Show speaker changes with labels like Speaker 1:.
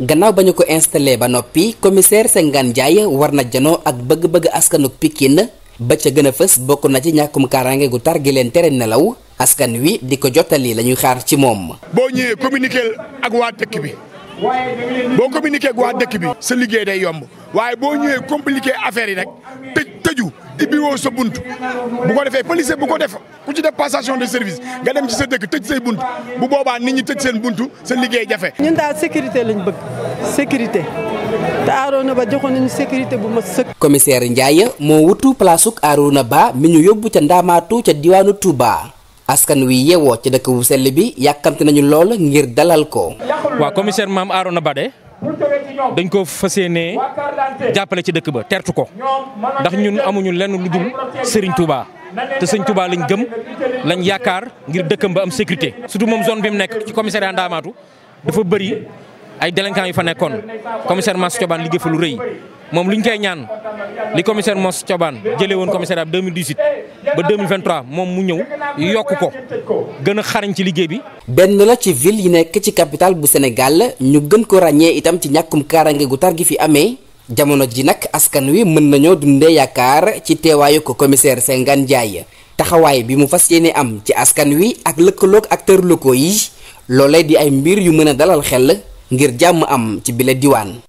Speaker 1: gannaaw ba ñu ko installé ba noppi commissaire Sengane Ndiaye war na janoo ak bëgg-bëgg askanu pikin ba ca gën a fës bokk na ci ñàkkum kaaraange gu tar gi leen tere nelaw askan wi di ko jottali la ñuy xaar ci moom.
Speaker 2: boo ñëwee communiqué ak waa dëkk bi. boo communiqué ak waa dëkk bi sa liggéey day yomb waaye boo ñëwee compliqué affaire yi rek tëj tëju ibbiwoo sa bunt bu ko defee policier bu ko def ku ci def passation de service nga dem ci sa dëkk tëj say bunt bu boobaa nit ñi tëj seen bunt sa liggéey jafe. ñun daal sécurité lañ bëgg sécurité te Arouna Ba joxoon nañu sécurité
Speaker 1: bu ma sëkk. commissaire Ndiaye moo wutu palaasuk Arouna Ba mi ñu yóbbu ca Ndaamaatu ca diwaanu Touba. askan wi yewoo ci dëkk bu sell bi yàkkamti nañu lool ngir dalal ko.
Speaker 3: waaw commissaire maam Arona Bade dañ ko fas yéenee jàppale ci dëkk ba tertu ko ndax ñun amuñu lenn lu dul Serigne Touba te Serigne Touba lañ gëm lañ yaakaar ngir dëkkam ba am sécurité. surtout moom zone bi mu nekk ci commissariat Ndamatou dafa bëri ay délinquants yu fa nekkoon commissaire Mass Thioban liggéey fa lu rëy moom liñ koy ñaan li commissaire Mass Thioban jëlee woon commissariat bi ba 2023 moom mu
Speaker 1: ñëw yokk ko gën a xarañ ci liggéey bi. benn la ci ville yi nekk ci capital bu Sénégal ñu gën ko ràññee itam ci ñàkkum kaaraange gu tar gi fi amee jamono ji nag askan wi mën nañoo dundee yaakaar ci teewaayu ko commissaire Sengane Ndiaye taxawaay bi mu fas yéene am ci askan wi ak lëkkaloog acteurs locaux yi loolee di ay mbir yu mën a dalal xel ngir jàmm am ci bile diwaan.